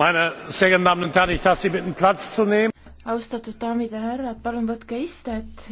meine sehr geehrten damen und herren ich darf sie bitten platz zu nehmen. austatud daamid ja härrad palun võtke istet!